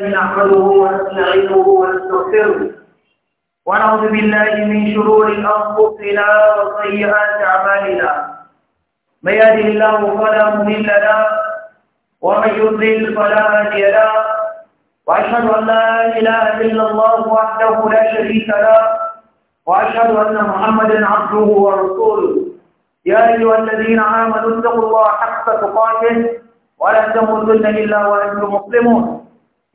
نحمده ونستعينه ونستغفره ونعوذ بالله من شرور انفسنا وسيئات اعمالنا من يهده الله فلا مضل له ومن يضلل فلا هادي له واشهد ان لا اله الا الله وحده لا شريك له واشهد ان محمدا عبده ورسوله يا ايها الذين امنوا اتقوا الله حق تقاته ولا تموتن الا وانتم مسلمون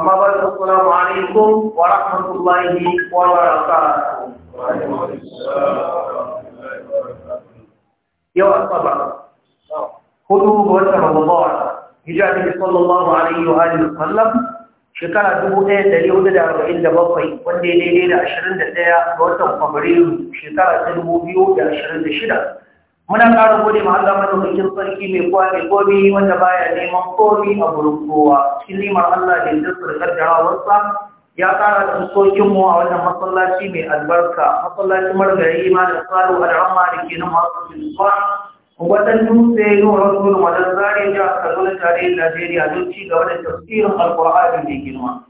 أما بعد السلام عليكم ورحمة الله وبركاته. يا أصحاب خذوا وزن الله بجانب صلى الله عليه وآله وسلم شكرا دوه دليل ودع وإلا بقي ودليل إلى عشرين دلية وتم قبرين شكرا دوه بيو عشرين دشرة muna ƙara gode ma Allah madaukakin sarki mai kowa kobi wanda baya neman komi a gurin kowa cikin neman Allah da ya tsarkar da hawarsa ya ƙara da sokin mu a wannan masallaci mai albarka masallaci gari ma da tsaro a da ke nan masu fisuwa wadan dutse yi wa rasul wadan zare da kaduna tarihin najeriya don ci gaba da tafsirin alƙur'ani mai girma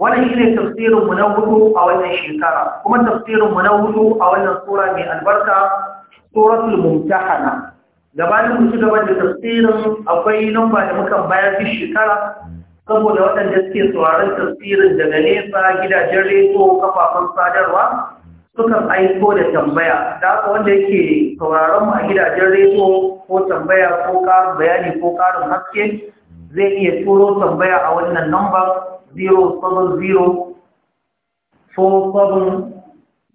wannan shine tafsirin tafsirinmu na hudu a wannan shekara kuma tafsirinmu na hudu a wannan sura mai albarka suratul mumtahana gabanin mu gaba da tafsirin akwai lamba da muka bayar shi shekara saboda waɗanda suke sauraron tafsirin daga nesa gidajen rediyo kafafen sadarwa sukan aiko da tambaya da haka wanda yake tsoron mu a gidajen rediyo ko tambaya ko karin bayani ko karin haske zai iya turo tambaya a wannan lamba 070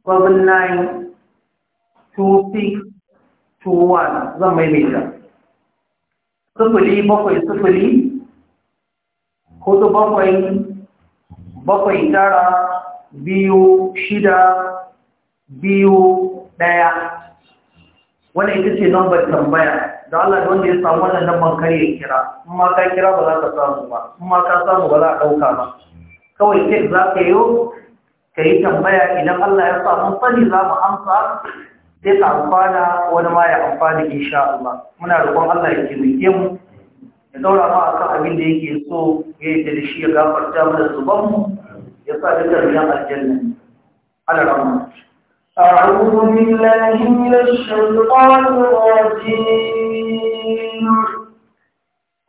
479. 2621 zan maimaita sufuli bakwai sufuli hudu bakwai bakwai tara biyu shida biyu ɗaya wani ita ce lambar tambaya da Allah da wanda ya samu wannan lambar kare ya kira in ma ka kira ba za ka samu ba in ma ka samu ba za ɗauka ba kawai kek za ka yi tambaya idan Allah ya samu sani za mu amsa sai ka amfana wani ma ya amfana insha Allah muna roƙon Allah ya taimake mu ya daura mu akan abin da yake so ya yi da shi ya gafarta mana zuban mu ya sa duka riyan aljanna ala rahmu أعوذ بالله من الشيطان الرجيم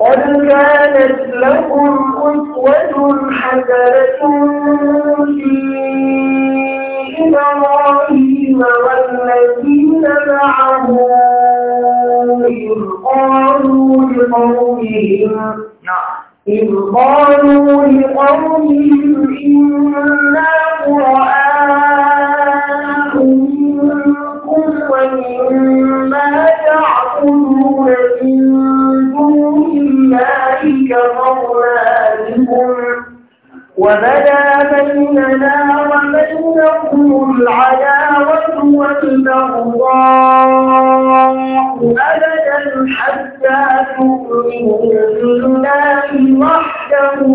قد كانت لكم أسوة حسنة في إبراهيم والذين إذ قالوا لقومهم إنا قراء منكم ومما تعبدون من دون الله كفرنا بكم وبدا بيننا وبينكم العداوة الله أبدا حتى تؤمنوا بالله وحده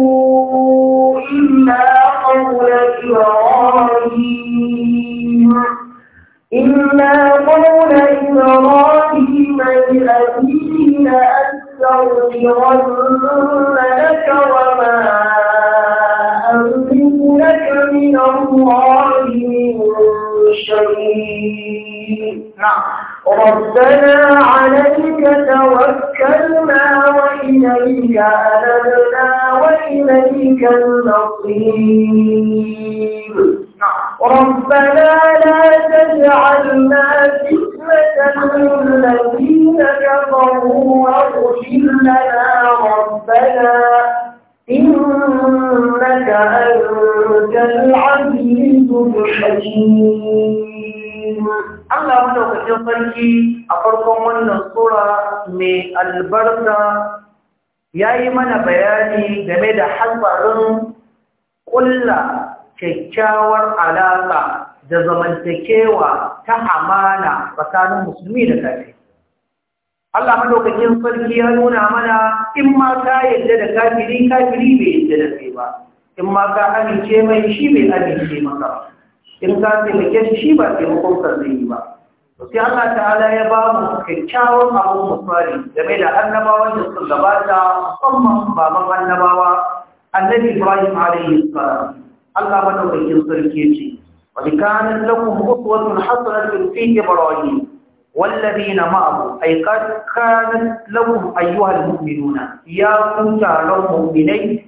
ya yi mana bayani game da hatsarin ƙulla kyakkyawar alaƙa da zamantakewa ta amana tsakanin musulmi da kafi. Allah lokacin sarki ya nuna mana in ma ka yadda da kafiri kafiri bai yadda da kai ba in ma ka amince mai shi bai amince maka in ka taimake shi ba taimakon ka ba sai Allah ta'ala ya ba mu kyakkyawan abin musari game da annabawan da sun gabata musamman baban annabawa annabi Ibrahim alaihi salam Allah madaukakin sarki ce wa kana lakum uswatun hasanatun fi Ibrahim wallafi na أي قد كانت لهم ya المؤمنون يا كنت ya مؤمنين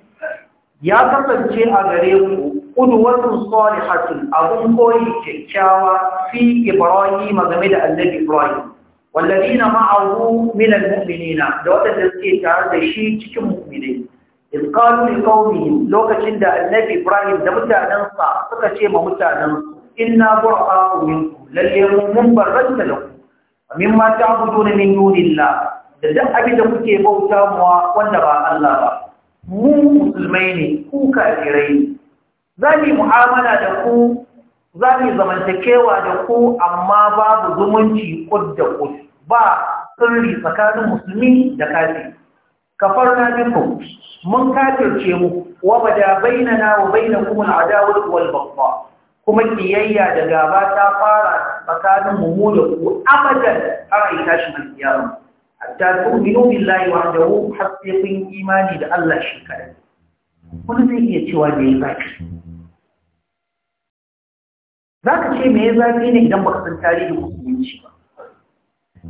a gare ku. ƙuduwatun salihatun abun koyi kyakkyawa fi Ibrahim game da annabi Ibrahim wallazi na ma'ahu minal mu'minina da waɗanda suke tare da shi cikin mu'minai in qalu liqaumihim lokacin da annabi Ibrahim da mutanensa suka ce ma mutanensu inna bura'u minkum lalle mun barranta ta mimma na min dunillah da duk abin da kuke bauta muwa wanda ba Allah ba mu musulmai ne ku kafirai za mu'amala da ku za zamantakewa da ku amma babu zumunci kud da kud ba sirri tsakanin musulmi da kafiri kafar na biku mun kafirce mu wa bada bainana wa bainakum al'adawatu wal baghdha kuma kiyayya da gaba ta fara tsakanin mu da ku abadan har ai tashi yaro hatta minu billahi wahdahu hatta kun imani da Allah shi kadai kun zai iya cewa da yi baki za ka ce mai zafi ne idan baka san tarihin musulunci ba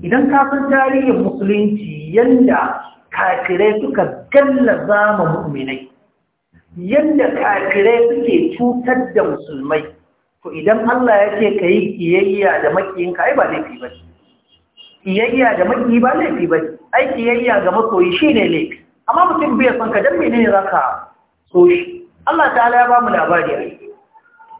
idan ka san tarihin musulunci yadda kafirai suka galla zama mu'minai yadda kafirai suke cutar da musulmai to idan Allah ya ce ka yi kiyayya da ka ai ba laifi ba kiyayya da makiyi ba laifi ba ai kiyayya ga masoyi shi ne laifi amma mutum bai son ka dan menene za ka so shi Allah ta'ala ya ba mu labari yi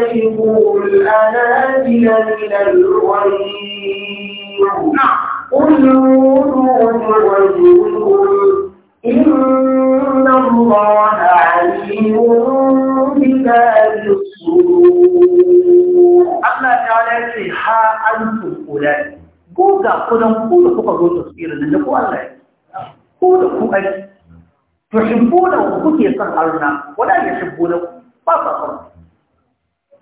تتخذوا الأنابل من الغير قل نوروا وجوهكم إن الله عليم بذات الصدور Allah ta ce ha an tukulan ko ga kudan ku da kuka zo tafsirin nan da ku Allah ya ko da ku ai to shibbuna ku kuke son arna wala ya shibbuna ku ba sa son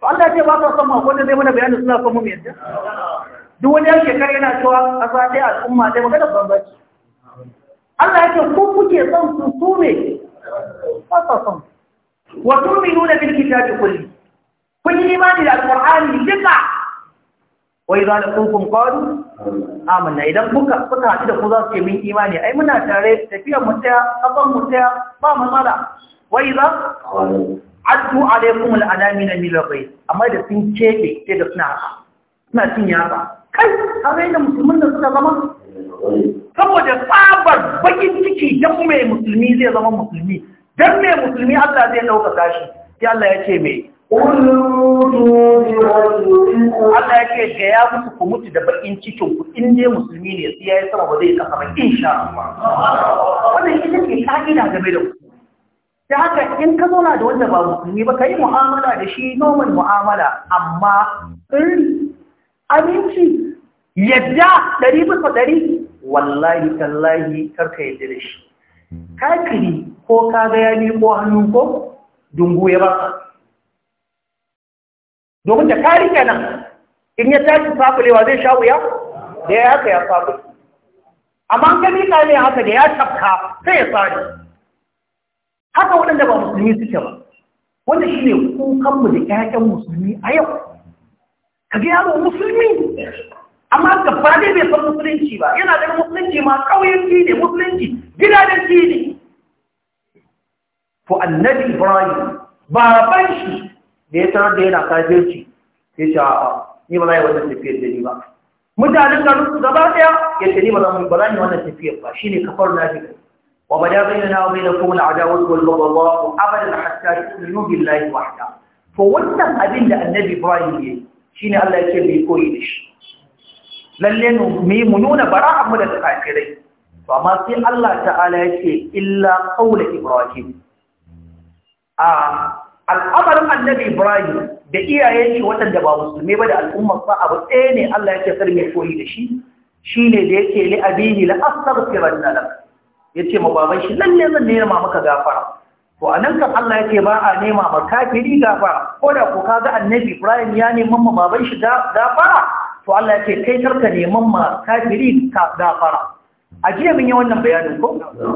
Allah ce ba ka son mu wanda zai mana bayanin suna son mu mai yadda duk wani yan kare yana cewa kasa dai al'umma dai magana bambanci Allah ya ce ku kuke son su su ne ba ka son wa nuna bil kitabi kulli kun yi imani da al alqur'ani duka wai za da kunkun kwaru amanna idan kuka suka haɗu da ku za su yi min imani ai muna tare tafiyar mu ta kafan mu ta ba matsala wai za addu alaikum al'anamina min al-ghayb amma da sun kebe sai da suna haka suna cin yaba kai a raina musulmin da suka zama saboda tsabar bakin ciki don mai musulmi zai zama musulmi don mai musulmi Allah zai ɗaukaka shi sai Allah ya ce mai Allah ya ce ga ya mutu ku mutu da bakin cikin ku in dai musulmi ne sai ya yi sama ba zai kasa ba insha Allah wannan ita ce ka'ida game da ku ta haka in ka zauna da wanda ba musulmi ba ka yi mu'amala da shi normal mu'amala amma in aminci yadda ɗari bisa ɗari wallahi tallahi karka yadda da shi kakiri ko ka ga ya ko hannu ko dungu ya ba domin da ka nan in ya tashi fafulewa zai sha wuya da ya haka ya fafule amma kan yi ne haka da ya tafka sai ya tsari haka waɗanda ba musulmi suke ba wanda shi ne kukanmu da ƴaƴan musulmi a yau ka ga yaro musulmi amma gaba dai bai san musulunci ba yana da musulunci ma ƙauyenci ne musulunci gidajenci ne to annabi ibrahim baban shi da ya tarar da yana kafirci ya ce a'a ni ba za yi wannan tafiyar da ni ba mutanen garin su gaba ɗaya ya ce ni ba za mu yi wannan tafiyar ba Shi ne kafar na nafi وبدا بيننا وبينكم العداوة والبغضاء أبدا حتى تؤمنوا بالله وحده فوالنم أبين النبي إبراهيم شين الله يكلم كويش للين ميمنون براء من الكافرين فما في الله تعالى شيء إلا قول إبراهيم آه al'amarin annabi Ibrahim da iyayen shi waɗanda ba musulmi ba da al'ummar sa abu ɗaya ne Allah yake sarme koyi da shi shine da yake li abihi la astaghfiranna lak ya ce ma baban shi lalle zan nema maka gafara to anan kan Allah yake ba a nema ma kafiri gafara ko da ko kaga annabi Ibrahim ya neman ma baban shi gafara to Allah yake kai karka neman ma kafiri gafara a jiya mun yi wannan bayanin ko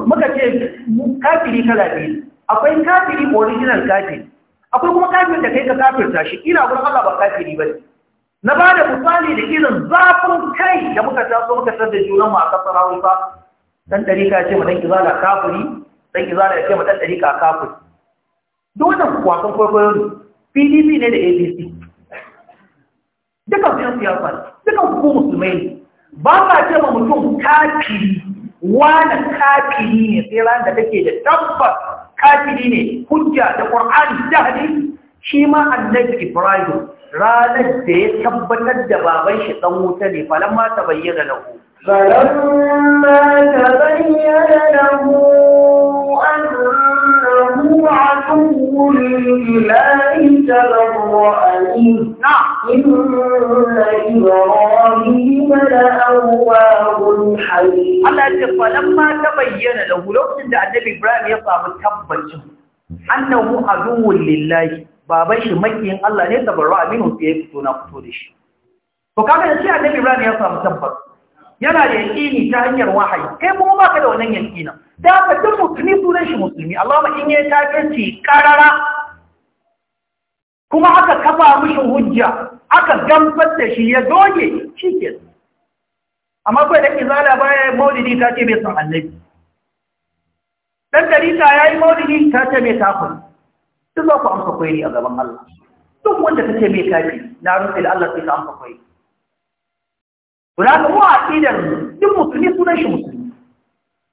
muka ce kafiri kala biyu akwai kafiri original kafiri akwai kuma kafirin da kai ka kafirta shi ina gurin Allah ba kafiri bane na ba da misali da irin zafin kai da muka taso muka tsar da junan mu a kasar Hausa dan dariƙa ce ma dan izala kafiri dan izala ya ce mu dan dariƙa kafiri duk wannan wasan kwaikwayo ne pdp ne da abc dukan su yan siyasa ne dukan su ko musulmai ne ba sa ce ma mutum kafiri wani kafiri ne sai ran da take da tabbas kafiri ne hujja da qur'ani da hadisi shi ma annabi ibrahim ranar da ya tabbatar da baban shi dan wuta ne falan ma ta bayyana lahu falamma ta ma ta bayyana da hulokin da annabi Ibrahim ya samu tabbacin annahu duhun lillahi baban shi makiyin Allah ne barwa aminu sai ya fito na fito da shi to kaga da shi annabi Ibrahim ya samu tabbas yana da yankini ta hanyar wahayi kai kuma ba ka da wannan yankinan. da aka duk musulmi sunan shi musulmi Allah in ya takanci karara kuma aka kafa mishi hujja aka gamfar da shi ya doge shike amma kai da izala baya maulidi ta ce bai san annabi dan darita yayi maulidi ta ce mai tafi duk za ku amsa ne a gaban Allah duk wanda ce mai kafi na rufe da Allah sai ka amsa kwai. kuna ga mu a aqidar duk musulmi sunan shi musulmi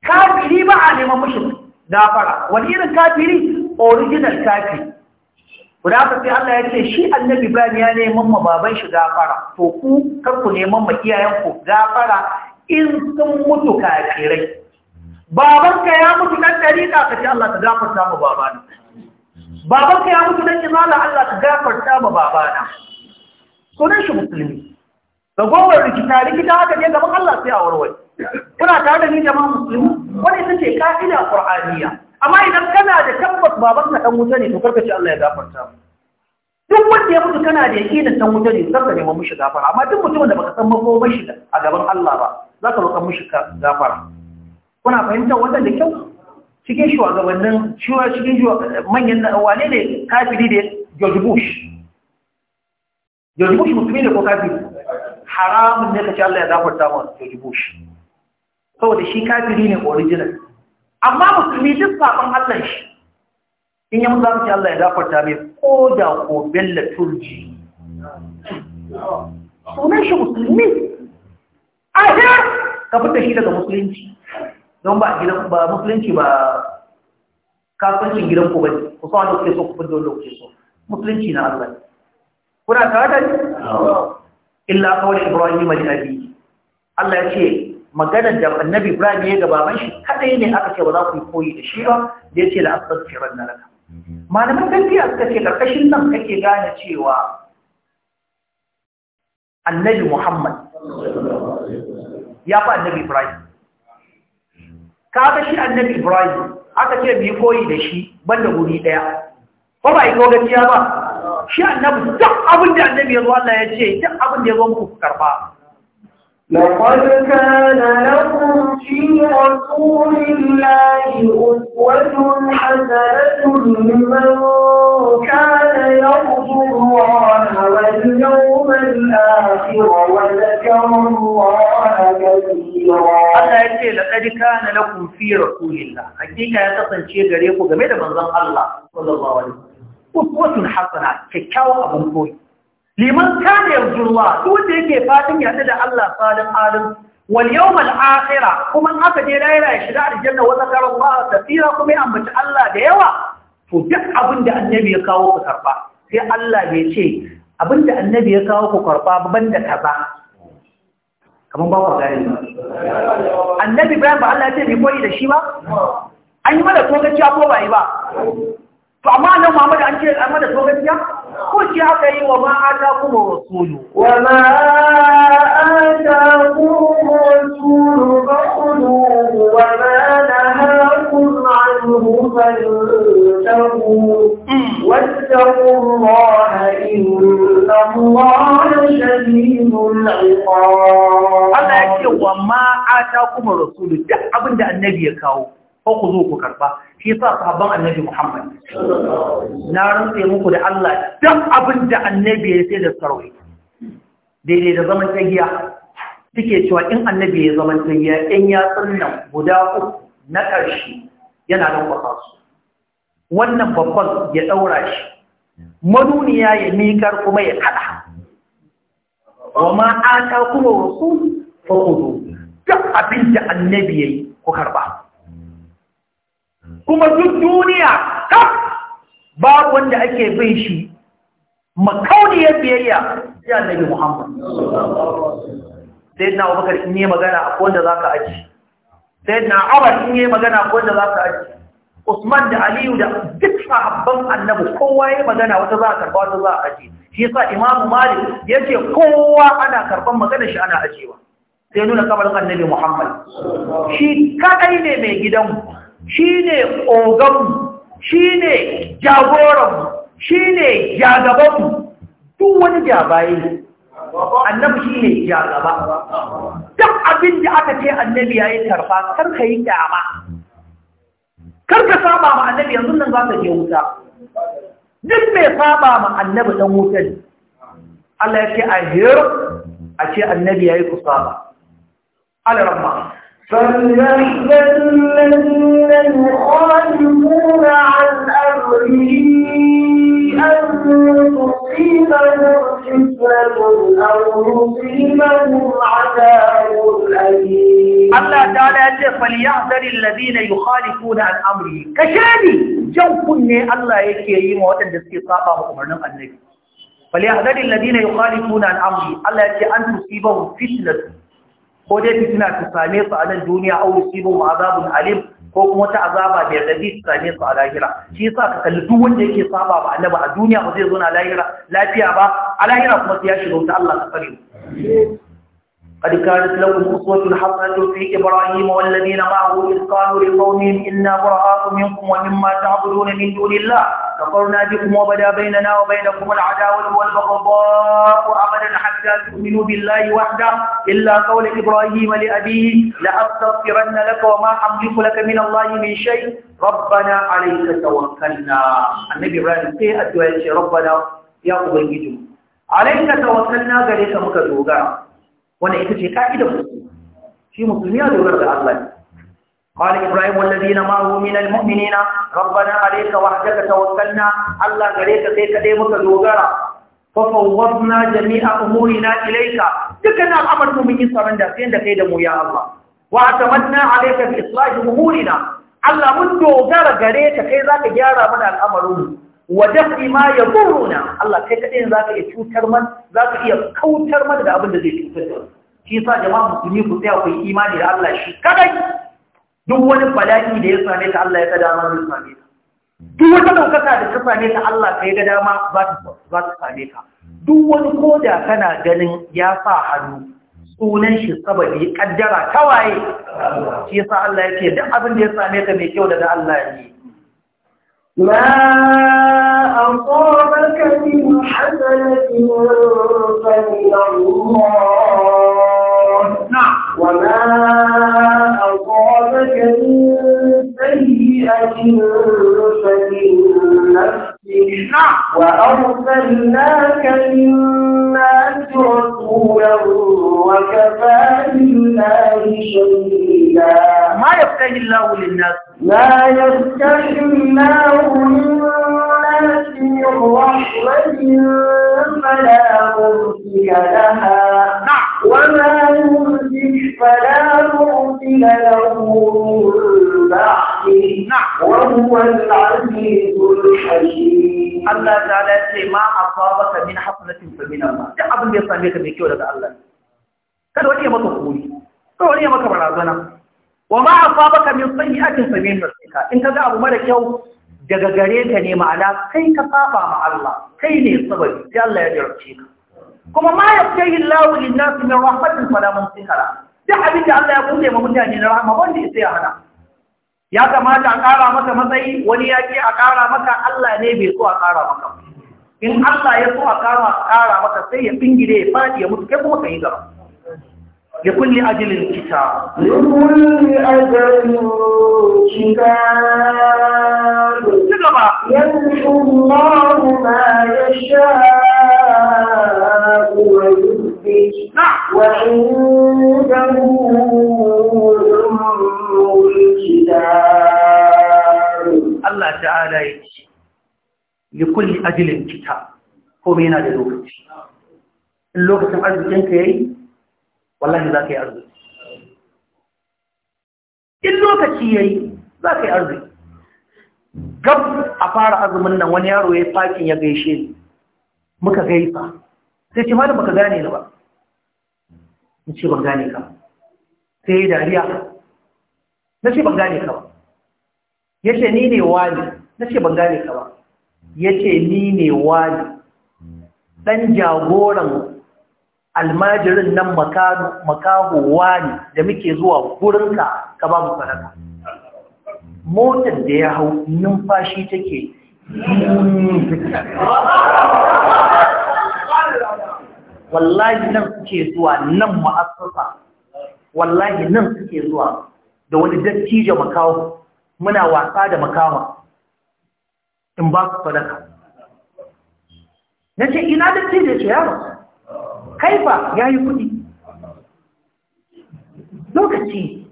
kafiri ba a neman mushi gafara wani irin kafiri original kafi. kuna ga sai Allah ya ce shi annabi ba ya neman ma baban shi gafara to ku kar ku neman ma iyayen ku gafara in sun mutu kafirai babanka ya mutu nan dariƙa ka ce Allah ta gafarta mu babana babanka ya mutu dan imala Allah ka gafarta ma babana sunan shi musulmi gowar rikita rikita haka ne gaban Allah sai a warware kuna tare da ni jama'a musulmi wani ita ce ka'ida qur'aniya amma idan kana da tabbas ka dan wuta ne to karka ce Allah ya gafarta mu duk wanda ya mutu kana da yakinin dan wuta ne karka neman mushi gafara amma duk mutumin da baka san ba shi a gaban Allah ba za ka roƙa mushi gafara kuna fahimtar wannan da kyau cikin shugabannin shiwa cikin manyan wane ne kafiri da George Bush George Bush musulmi ne ko kafiri haramun ne ci Allah ya zafarta wa George Bush saboda shi kafiri ne original amma musulmi duk sabon Allah shi in ya musa ci Allah ya zafarta mai ko da ko bella turji sunan shi musulmi a ka fita shi daga musulunci don ba gidan ba musulunci ba kasuwancin gidan ku bane ku sa wanda kuke so ku fito wanda so musulunci na Allah kuna tare da ni illa qawli Ibrahim li Abi Allah ya ce da Annabi Ibrahim ya ga baban shi kadai ne aka ce ba za ku yi koyi da shi ba da ya ce la astaghfiran laka mhm. malaman gaskiya suka ce karkashin nan kake gane cewa Annabi Muhammad ya fa Annabi Ibrahim ga shi annabi ibrahim aka ce biyu koyi da shi banda guri daya ko ba iko gaskiya ba shi annabi duk abin da annabi ya zo Allah ya ce duk abin da ya zo muku karba لقد كان لكم في رسول الله أسوة حسنة لمن كان يرجو الله واليوم الآخر وذكر الله كثيرا Allah ya ce laqad na lakum fi rasulillah hakika ya kasance gare ku game da manzan Allah sallallahu alaihi wasallam uswatun hasana abin liman duk wanda yake fatan ya da Allah salin alim wal yawmal akhirah kuma in aka je ya shiga aljanna wa zakara Allah kathira kuma ya ambaci Allah da yawa to duk abin da annabi ya kawo ku karba sai Allah bai ce abin da annabi ya kawo ku karba ban da kaza kamar ba ku gane annabi Ibrahim ba Allah ya ce mai koyi da shi ba an yi mana togaciya ko ba yi ba to amma nan Muhammad an ce an mana togaciya ko ce haka yi wa ma ata kuma rasulu wa ma ata kuma rasulu ba kulu wa ma عنه فانتهوا Allah ya ce wa ma kuma rasulu duk abin da annabi ya kawo ko ku zo ku karba shi yasa sahabban annabi Muhammad na rantse muku da Allah duk abin da annabi ya sai da sarwai daidai da zaman tagiya suke cewa in annabi ya zaman tagiya in ya guda uku na ƙarshe yana lankwasa su wannan babban ya ɗaura shi manuniya ya mikar kuma ya kaɗa wa aka kuma wasu faƙudu duk abin da annabi ya ku karɓa kuma duk duniya kaf babu wanda ake bin shi makauniyar biyayya ya annabi muhammad sai na abubakar in yi magana a wanda za ka aji sai na abar in yi magana ko da za su aji usman da aliyu da duk sahabban annabi kowa ya magana wata za a karba wata za a aji shi yasa imamu malik ya ce kowa ana karban magana shi ana ajiyewa sai nuna kamar annabi muhammad shi kadai ne mai gidanmu shi ne oganmu shi ne jagoranmu shi ne jagabanmu duk wani jabaye annabi shi ne ya gaba duk abin da aka ce annabi ya yi karfa kar ka yi kyama kar ka saba ma annabi yanzu nan za ka je wuta duk mai saba ma annabi dan wuta ne Allah ya ce a hir a ce annabi ya yi kusaba alaramma فليحذر الذين يخالفون عن أمره أن تصيبهم Allah ta'ala ya ce falyahdari alladhina yukhalifuna an amri kashani jan kunne Allah yake yi ma waɗanda suke saba wa umarnin annabi falyahdari alladhina yukhalifuna an amri Allah ya ce an tusibahu fitnatu ko dai fitina same su a nan duniya au tusibahu azabun alim ko kuma ta azaba da rabi ta same su a lahira shi yasa ka kalli duk wanda yake saba ba annabi a duniya ba zai zo na lahira lafiya ba a lahira kuma sai ya shiga ta Allah ka tsare قد كانت لكم أسوة حسنة في إبراهيم والذين معه إذ قالوا لقومهم إنا براء منكم ومما تعبدون من دون الله كفرنا بكم وبدا بيننا وبينكم العداوة والبغضاء أبدا حتى تؤمنوا بالله وحده إلا قول إبراهيم لأبيه لأستغفرن لك وما أملك لك من الله من شيء ربنا عليك توكلنا النبي إبراهيم في الدعاء ربنا يا أبي عليك توكلنا قال لك مكتوبا wannan ita ce ka'idar musulmi shi musulmi ya dogara da Allah ne قال إبراهيم والذين معه من المؤمنين ربنا عليك وحدك توكلنا الله غريك كيك دي متدوغرا ففوضنا جميع أمورنا إليك دكنا الأمر مؤمنين صار عندك فين دكيدمو يا الله واعتمدنا عليك في إصلاح أمورنا الله من دوغرا غريك كي ذاك جارا من الأمر wa dafi ma ya buruna Allah kai kaɗai za ka iya cutar man za ka iya kautar man da abin da zai cutar da shi sa jama'a musulmi ku tsaya ku yi imani da Allah shi kadai duk wani bala'i da ya same ta Allah ya ga dama zai same ta. duk wata ɗaukaka da ta same ta, Allah kai ga dama za ta same ka duk wani koda kana ganin ya sa hannu sunan shi sababi kaddara tawaye shi yasa Allah yake duk abin da ya same ka mai kyau daga Allah ne ما أصابك من حسنة فمن الله نعم. وما أصابك من سيئة فمن نفسك وأرسلناك للناس رسولا وكفى بالله شهيدا ما يفتح الله للناس لا يفتح الله للناس من رحمة فلا مرسل لها نعم وما يمسك فلا مرسل له من بعده وهو العزيز الحكيم الله تعالى يقول ما أصابك من حسنة فمن الله ده أبن يسميك من كيولة الله kada wani ya maka kuri kada wani ya maka barazana wa ma asabaka min sayyi'atin fa min nafsika in kaga abu mara kyau daga gare ka ne ma'ana kai ka saba ma Allah kai ne sababi sai Allah ya jarabce ka kuma ma ya yaftahi yi na nasi min rahmatin fala mumsika lah duk abin da Allah ya buɗe ma mutane na rahama wanda ya ya hana ya kamata a ƙara maka matsayi wani ya ce a ƙara maka Allah ne bai so a ƙara maka in Allah ya so a ƙara ƙara maka sai ya bingire ya faɗi ya mutu kai kuma ka yi gaba ajalin kita ya لكل ajalin kita ya الله ajalin kita Allah ta'ala ya ce, Likulli ajilin kita, ko mena da lokaci. In lokacin arzikin ka yi, ne za ka yi arziki. In lokaci ya yi, za ka yi arziki. Gab a fara azumin nan wani yaro ya yi fakin ya gaishe muka gaifa, sai ce ma da baka gane ni ba. in ce ban gane ka sai dariya na ce ban gane ka ba ya ce ni ne wani na ce ban gane ka ba ya ce ni ne wani ɗan jagoran almajirin nan makaho wani da muke zuwa gurinka ka ba mu faraka motar da ya hau numfashi take hmm. wallahi nan suke zuwa nan ma'asusa wallahi nan suke zuwa da wani dattijo makawa muna wasa da makawa in ba su sadaka na ce ina dattijo ce yaro kaifa ya yi kudi lokaci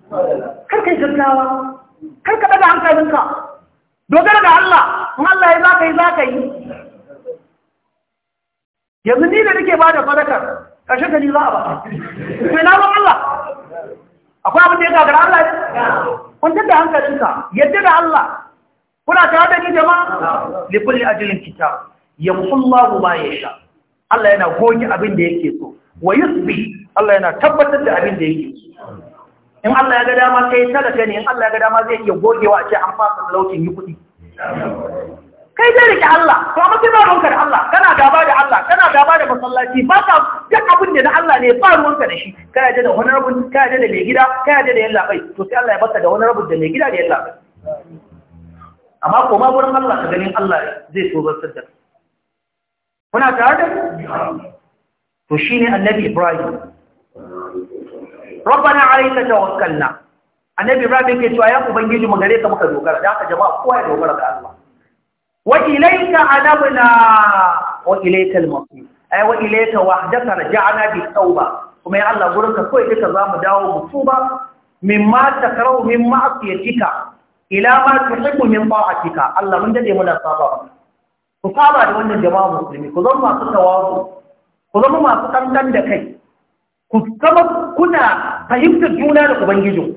karkai gaggawa karkada daga hankalinka dogara da Allah in Allah ya za ka yi za ka yi yanzu ni da nake ba da farakar ƙarshen gani za a ba ƙarfi na ba Allah akwai abin da ya gagara Allah ya kun da hankalinka yadda da Allah kuna tare da ni jama'a li kulli ya kitab yamhullahu ma sha Allah yana goge abin da yake so wa yusbi Allah yana tabbatar da abin da yake so in Allah ya ga dama kai sadaka ne in Allah ya ga dama zai iya gogewa a ce an fasa talaucin yi kuɗi kai dai rike Allah to amma sai ba ruwanka da Allah kana gaba da Allah kana gaba da masallaci ba ka duk abin da na Allah ne ba ruwanka da shi kana da wani rabu kana da mai gida kana da yalla bai to sai Allah ya baka da wani rabu da mai gida da yalla bai amma ko ma gurin Allah ka ganin Allah zai so bar sadda kuna tare da to shine annabi Ibrahim ربنا عليك توكلنا annabi Ibrahim yake cewa ya ubangiji mu gare ka muka dogara da haka jama'a kowa ya dogara ga Allah wa ilayka anabna wa ilayka al-masir ay wa ilayka wahdaka raja'na bi tauba kuma ya Allah gurin ka kai duka zamu dawo mu tuba mimma takrahu min ma'siyatika ila ma tuhibbu min ta'atika Allah mun dade muna saba ku saba da wannan jama'a musulmi ku zama masu tawazu da kai ku zama fahimtar juna da ubangijin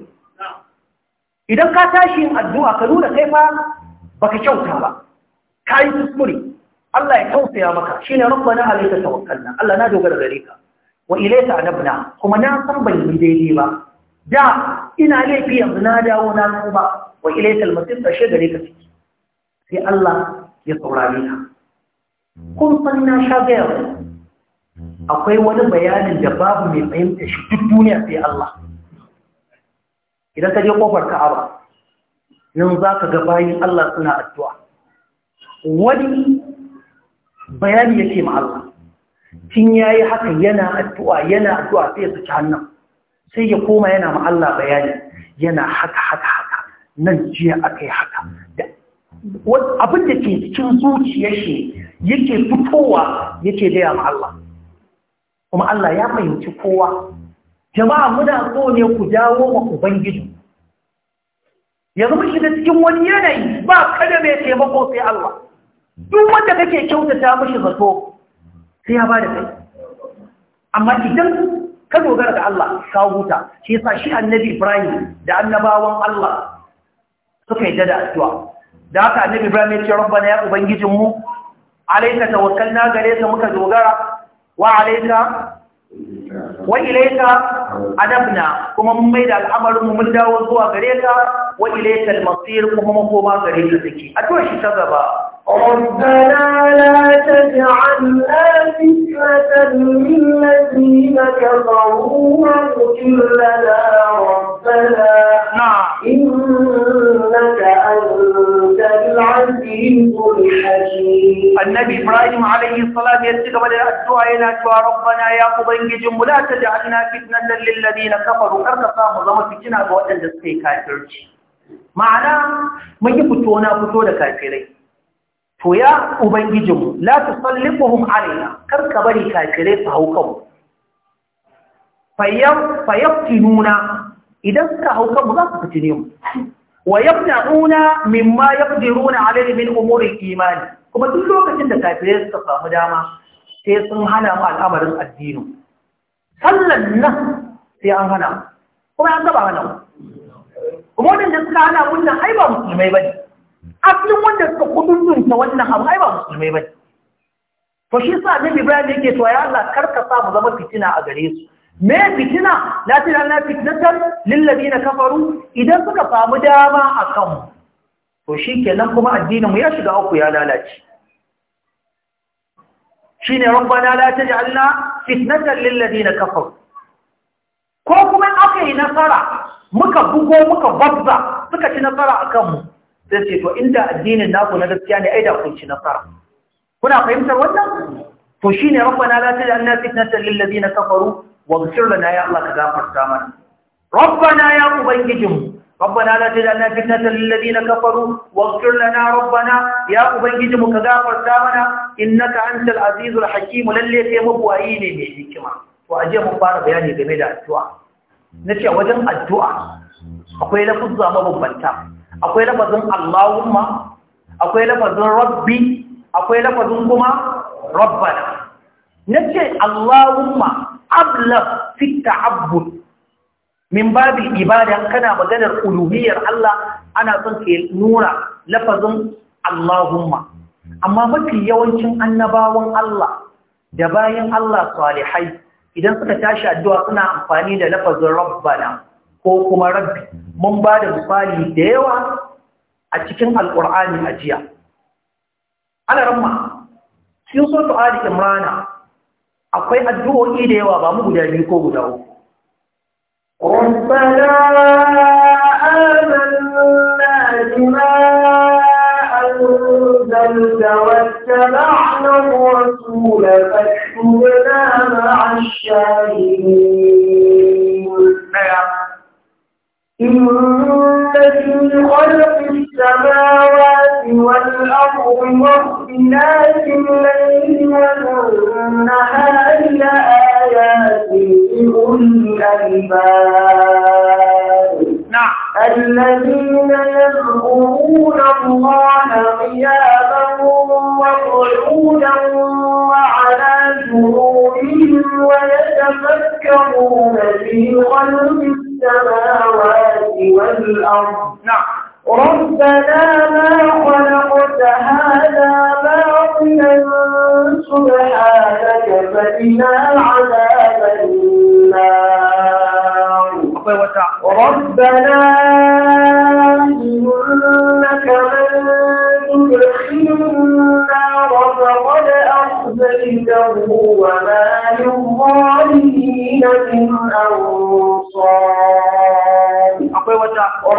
idan ka tashi yin addu'a ka nuna kai fa baka kyauta ba ka yi kuskure Allah ya tausaya maka shine rabbana alayka tawakkalna Allah na dogara gare ka wa ilayka anabna kuma na san ban yi daidai ba da ina laifi yanzu na dawo na tuba wa ilayka almasir tashe gare ka ciki sai Allah ya saurare ka kun san na sha gaya akwai wani bayanin da babu mai fahimta shi duk duniya sai Allah idan ka je kofar Ka'aba nan za ka ga bayin Allah suna addu'a wani bayani yake ma Allah tun yi haka yana addu'a yana addu'a sai ya saki hannun sai ya koma yana ma Allah bayani yana haka haka haka nan jiya aka yi haka abin da ke cikin zuciya shi yake fitowa yake daya ma Allah kuma Allah ya fahimci kowa jama'a muna so ne ku jawo wa ubangiji yanzu mun shiga cikin wani yanayi ba kada mai taimako sai Allah duk wanda kake kyautata mashi zato sai ya ba kai amma idan ka dogara ga Allah ka huta shi yasa shi annabi Ibrahim da annabawan Allah suka yi dada addu'a da haka annabi Ibrahim ya ce rabbana ya ubangijin mu alayka tawakkalna gare ka muka dogara wa alayka wa ilayka adabna kuma mun mai da al'amarin mu mun dawo zuwa gare ka wa ilayka al-masir kuma mun koma gare ka take a to shi ta gaba ربنا لا تجعلنا فتنة للذين كفروا واغفر لنا ربنا إنك أنت العزيز الحكيم النبي إبراهيم عليه الصلاة والسلام يقول الدعاء إلى ربنا يا أبنجي mu la taj'alna lallin lil ladina kafaru karka samu zama fitina ga waɗanda suka yi kafirci ma'ana mun yi fito na fito da kafirai to ya ubangijinmu la salli alaina kar ka bari kafirai su hau kanmu nuna idan suka hau kanmu za su ne mu wa nuna mimma yaqdiruna alayhi min umurin imani kuma duk lokacin da kafirai suka samu dama sai sun hana mu al'amarin addinin sallar nan sai an hana kuma an gaba hana kuma wadanda suka hana wannan ai ba musulmai ba ne asalin wanda suka kudin wannan abu ai ba musulmai ba ne to shi sa annabi ibrahim yake to ya Allah karka sa mu zama fitina a gare su me fitina la na fitnatan lil ladina kafaru idan suka samu dama akan to kenan kuma addinin mu ya shiga uku ya lalace shine rabbana la taj'alna fitnatan lil ladina kafar? ko kuma aka yi nasara muka bugo muka babba suka ci nasara akan mu sai ce to inda addinin naku na gaskiya ne ai da kun ci nasara kuna fahimtar wannan to shine rabbana la taj'alna fitnatan lil ladina kafaru waghfir lana ya Allah ka gafarta mana rabbana ya ubangijinmu ربنا لا تجعلنا فتنة للذين كفروا واغفر لنا ربنا يا أبنجي مكغافر سامنا إنك أنت العزيز الحكيم للي تيمب وعيني بحكمة وأجي مبارا بياني جميل الدعاء نتيا وجن الدعاء أقول لك الزامة مبنتا أقول لك اللهم أقول لك ربي أقول لك كما ربنا نتيا اللهم أبلغ في التعبد min babin ibada kana maganar uluhiyar Allah ana son ka nura lafazin Allahumma amma mafi yawancin annabawan Allah da bayan Allah salihai idan suka tashi addu'a suna amfani da lafazin rabbana ko kuma rabbi mun ba da misali da yawa a cikin alƙur'ani a jiya ana ramma sun so tu'adi imrana akwai addu'o'i da yawa ba mu guda biyu ko guda uku ربنا آمنا بما أنزلت واتبعنا الرسول فاكتبنا مع الشاهدين إن في خلق السماوات والأرض مُؤْمِنَاتِ اللَّيْلِ وَالنَّهَارِ لَآيَاتٍ لِأُولِي الْأَلْبَابِ نَعَمْ الَّذِينَ يَذْكُرُونَ اللَّهَ قِيَامًا وَقُعُودًا وَعَلَى جُنُوبِهِمْ وَيَتَفَكَّرُونَ فِي خَلْقِ السَّمَاوَاتِ وَالْأَرْضِ ربنا ما خلقت هذا باطلا سبحانك فإنا عذاب النار ربنا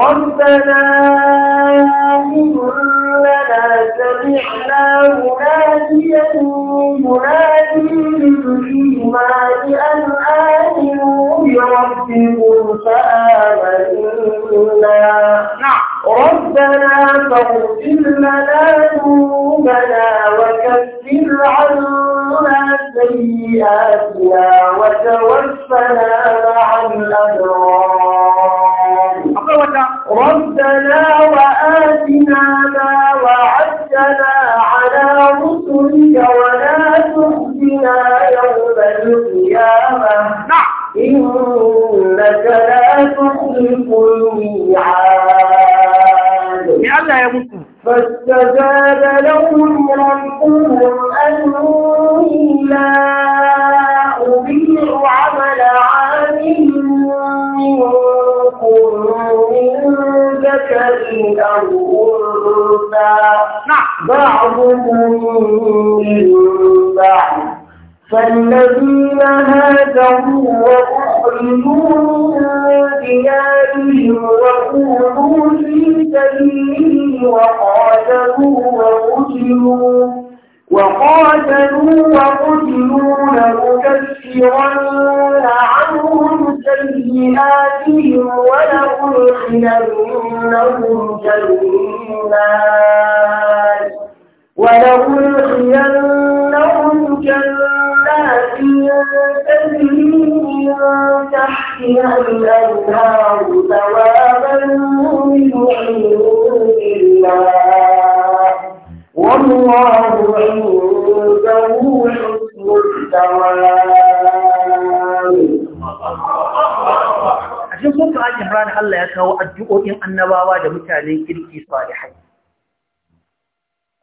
ربنا إننا سمعنا مناديا ينادي للإيمان أن آمنوا بربكم فآمنا نعم. ربنا فاغفر لنا ذنوبنا بعد فالذين هاجروا وأخرجوا من ديارهم وقولوا في سبيله وقاتلوا وقتلوا وقاتلوا وقتلوا لأكفرن عنهم سيئاتهم ولأدخلنهم جنات ولأدخلنهم جنات تجري من تحتها الأنهار ثوابا من عند الله والله عنده حسن الثواب. Ashe kun ka Allah ya kawo addu'o'in annabawa da mutanen kirki salihai.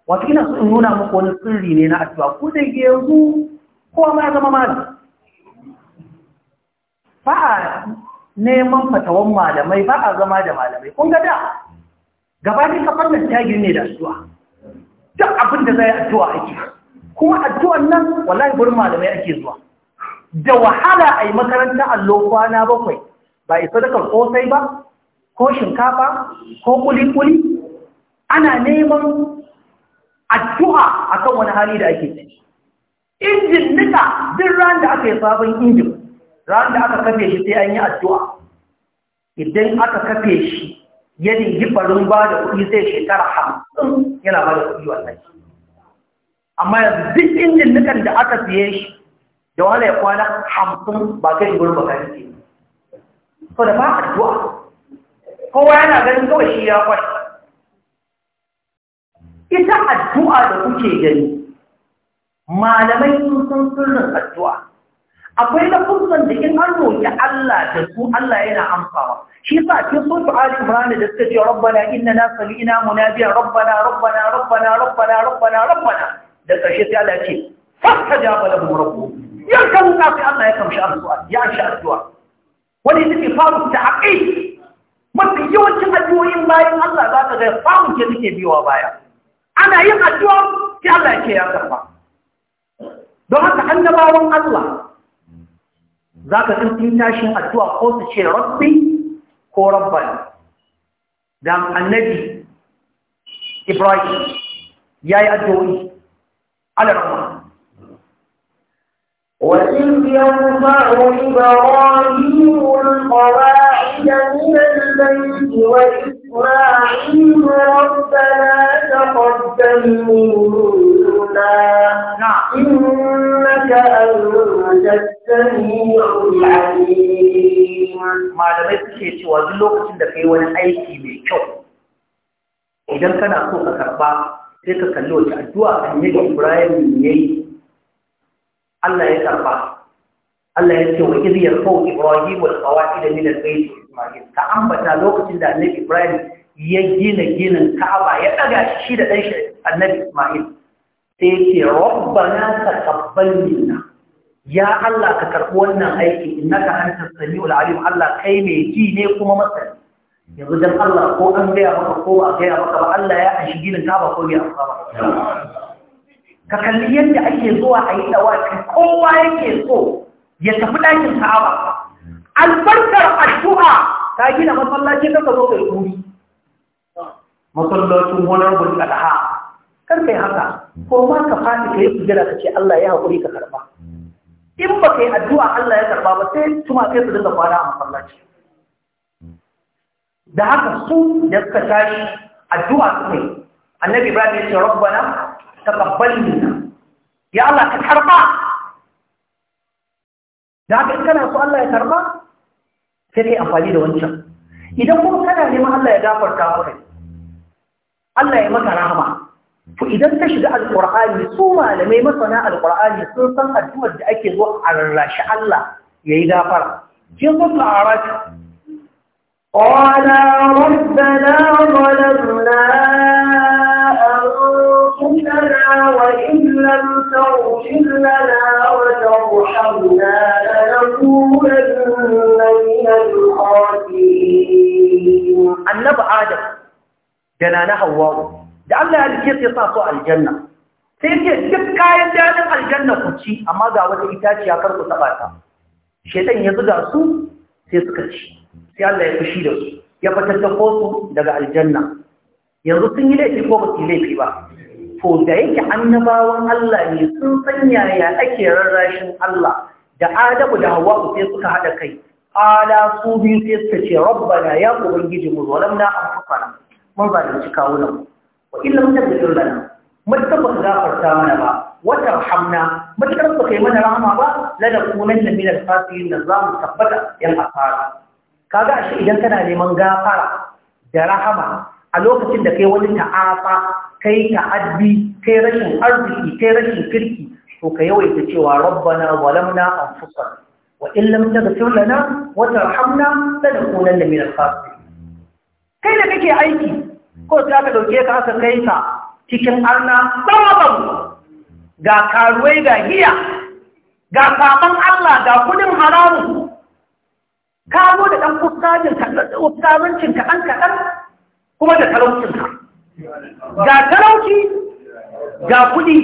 Wasu ina sun nuna muku wani sirri ne na addu'a ku da ke yanzu kowa ma zama malam ba a neman fatawan malamai ba a zama da malamai kun ga da kafar da ta ne da addu'a duk abin da zai addu'a ake kuma addu'an nan wallahi burin malamai ake zuwa da wahala a yi makaranta allo kwana bakwai ba isa da karfosai ba ko shinkafa ko kuli-kuli ana neman addu'a akan wani hali da ake ciki injin nika duk ran da aka yi sabon injin ran da aka kafe shi sai an yi addu'a idan aka kafe shi yadda yi farin ba da kuɗi sai shekara hamsin yana ba da kuɗi wannan amma yanzu duk injin nikan da aka siye shi da wahala ya kwana hamsin ba kai gurba ne so da ba addu'a kowa yana ganin kawai shi ya kwai ita addu'a da kuke gani malamai sun san sirrin addu'a akwai lafuzan da in an roƙi Allah da su Allah yana amfawa. shi yasa cikin sura Ali Imran da suka ce rabbana innana sami'na munabiya rabbana rabbana rabbana rabbana rabbana rabbana da ƙarshe sai Allah ya ce fastajaba lahum rabbuhum yanka muka sai Allah ya kamshi addu'a ya shi addu'a wani yake faru ta haƙi mafi yawancin addu'o'in bayan Allah za ka ga famu ke suke biyowa baya ana yin addu'a sai Allah yake ya karba don haka annabawan Allah za ka tun tashin addu'a ko su ce rabbi ko rabbani dan annabi Ibrahim ya yi addu'o'i alarma. وإذ يرفع إبراهيم القواعد من البيت وإسرائيل إسماعيل ربنا تقبل منا إنك أنت السميع العليم ما لم تكن cewa duk lokacin da kai wani aiki mai kyau idan kana so ka karba sai ka kalli wata addu'a kan Ibrahim yayi Allah ya karɓa. Allah ya ce wa idh yarfa'u ibrahim wal qawa'id min al bayt isma'il ka ambata lokacin da annabi ibrahim ya gina ginin ka'aba ya daga shi da dan shi annabi isma'il sai ya ce rabbana taqabbal minna ya Allah ka karbi wannan aiki innaka antas samiul alim Allah kai mai ji ne kuma masani yanzu dan Allah ko an gaya maka ko ba gaya maka ba Allah ya anshi ginin ka'aba ko bai amsa ba ka kalli yadda ake zuwa a yi dawafi kowa yake so ya tafi ɗakin sa'aba albarkar addu'a ta gina masallaci ta zo kai kuri masallacin honorable kadaha kar kai haka ko ma ka fadi kai sujada ka ce Allah ya haƙuri ka karɓa. in ba kai addu'a Allah ya karɓa ba sai tuma kai su dinga kwana a masallaci da haka su da suka tashi addu'a su yi annabi ibrahim ya ce rabbana taqabbal ya Allah ka karɓa. da haka in kana so Allah ya karba sai kai amfani da wancan idan kuma kana neman Allah ya gafarta maka Allah ya maka rahama to idan ka shiga alqur'ani su malamai masana alqur'ani sun san addu'ar da ake zo a rarrashi Allah yayi gafara kin zo al-araf qala rabbana ظلمنا لنا وإن لم تغفر لنا وترحمنا لنكونن من الخاسرين النبي آدم جنانه هواء da Allah ya rike sai sa su aljanna sai ce duk kayan dadin aljanna ku ci amma ga wata itaciya kar ku taba ta shedan ya zuga su sai suka ci sai Allah ya fushi da su ya fatattako su daga aljanna yanzu sun yi laifi ko ba su yi laifi ba to da yake annabawan Allah ne sun san yaya ake rarrashin Allah da Adamu da Hawwa sai suka hada kai ala su biyu sai suka ce rabbana ya ubangiji mu na anfusana mun cika kawunan wa illa mutabbir lana mutum ba gafarta mana ba wata hamna mutum ba kai mana rahama ba la da kunan da minal fasirin da zamu tabbata yan asara kaga shi idan kana neman gafara da rahama a lokacin da kai wani ta'afa kai ta'addi kai rashin arziki kai rashin kirki to ka yawaita cewa rabbana walamna anfusana wa in lam lana wa tarhamna lanakunanna min al-khasirin kai da kake aiki ko sai ka dauke ka aka kai ka cikin arna sababan ga karuwai ga giya ga saban Allah ga kudin haramun ka zo da dan kuskarin ka dan kadan kuma da talaucinka ga talauci ga kuɗi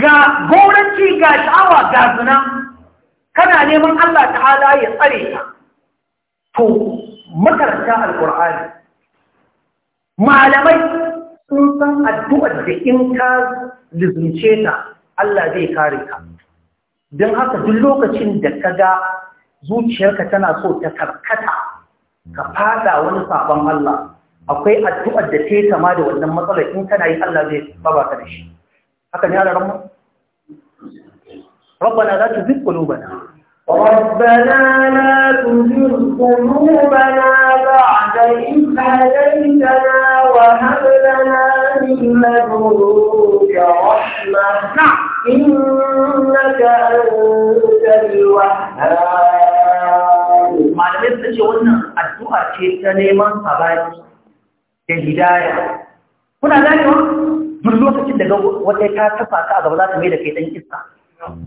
ga gauranci ga sha'awa ga zina kana neman Allah ta'ala ya tsare ka to makaranta alƙur'ani malamai sun san addu'ar da in ka lizince ta Allah zai kare ka don haka duk lokacin da ka ga zuciyarka tana so ta karkata ka fada wani sabon Allah akwai addu'ar da ta kama da wannan matsalar in kana yi Allah zai baba ka da shi haka ne alaran mu rabbana la tuzigh qulubana rabbana la tuzigh qulubana ba'da idh hadaytana wa hab lana min ladunka rahmah innaka antal wahhab malamai suka ce wannan addu'a ce ta neman sabari da hidaya kuna gane wa duk lokacin daga wata ta tafa ka a gaba za ta mai da kai dan kissa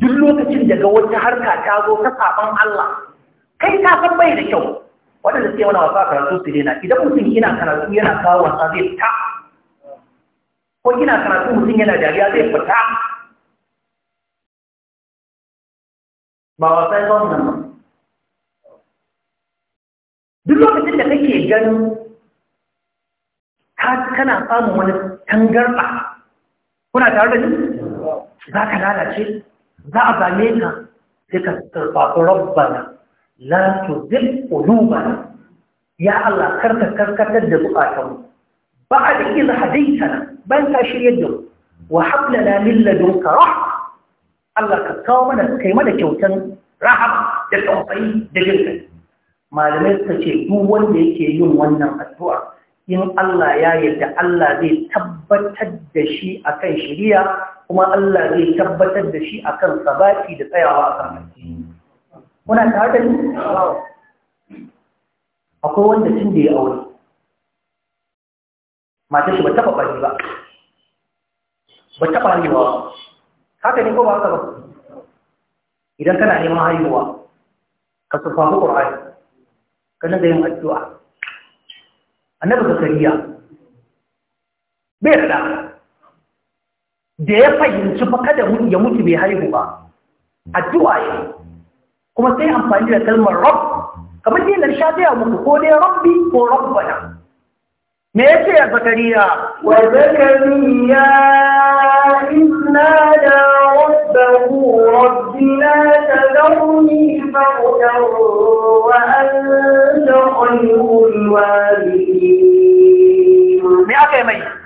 duk lokacin daga wata harka ta zo ta saban Allah kai ka san bai da kyau waɗanda suke wani wasa karatu su daina idan mutum ina karatu yana kawo wasa zai fita ko ina karatu mutum yana dariya zai fita ba wasan gwamnan ba duk lokacin da kake ganin ka kana samun wani tangarɗa kuna tare da ni za ka lalace za a zame ka sai ka tsarfafi rabbana la tuzigh qulubana ya Allah karka karkatar da bukatunmu ba'da idh hadaytana ban ka shiryar da mu wa hab lana min ladunka rahma Allah ka kawo mana kai mana kyautan rahama da tausayi da jinkai malamai suka ce duk wanda yake yin wannan addu'a in Allah ya yarda Allah zai tabbatar da shi akan shari'a kuma Allah zai tabbatar da shi akan sabati da tsayawa a kan addini muna tare da ni akwai wanda tun da ya aure mata shi ba taba bari ba ba taba haihuwa haka ne ko ba haka ba idan kana neman haihuwa ka sufafi ƙur'ani ka da yin addu'a annabi zakariya bai da da ya fahimci fa kada ya mutu bai haihu ba addu'a ne kuma sai amfani da kalmar rabb kamar yadda na sha taya muku ko dai rabbi ko rabbana me yace ya zakariya wa zakariya inna da ربه رب لا تذرني فردا وأنت خير الوالدين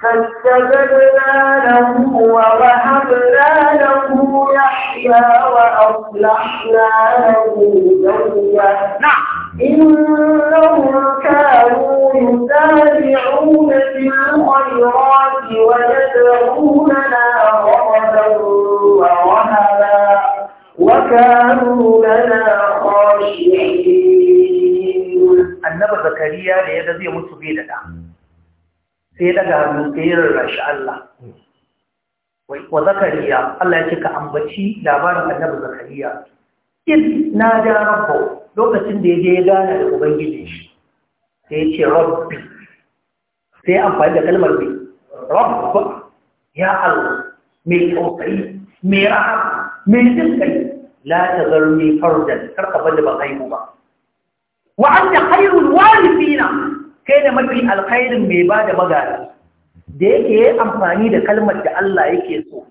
فاستجبنا له ووهبنا له يحيى وأصلحنا له زوجه نعم. إنهم كانوا يسارعون في الخيرات ويدعوننا رغبا وكانوا لنا خاشعين Annaba Zakariya da yaga zai mutu bai da da sai daga hannu rashin rashi Allah wa zakariya Allah ya ce ka ambaci labarin Annaba zakariya in na da rabbo lokacin da ya je ya gane da ubangiji shi sai ya ce rabbi sai amfani da kalmar bi rabb ya Allah mai tausayi mai rahama mai jinkai la tazarni fardan kar ka da ban haihu ba wa anta khairul warithina kai da mafi alkhairin mai bada magana da yake yi amfani da kalmar da Allah yake so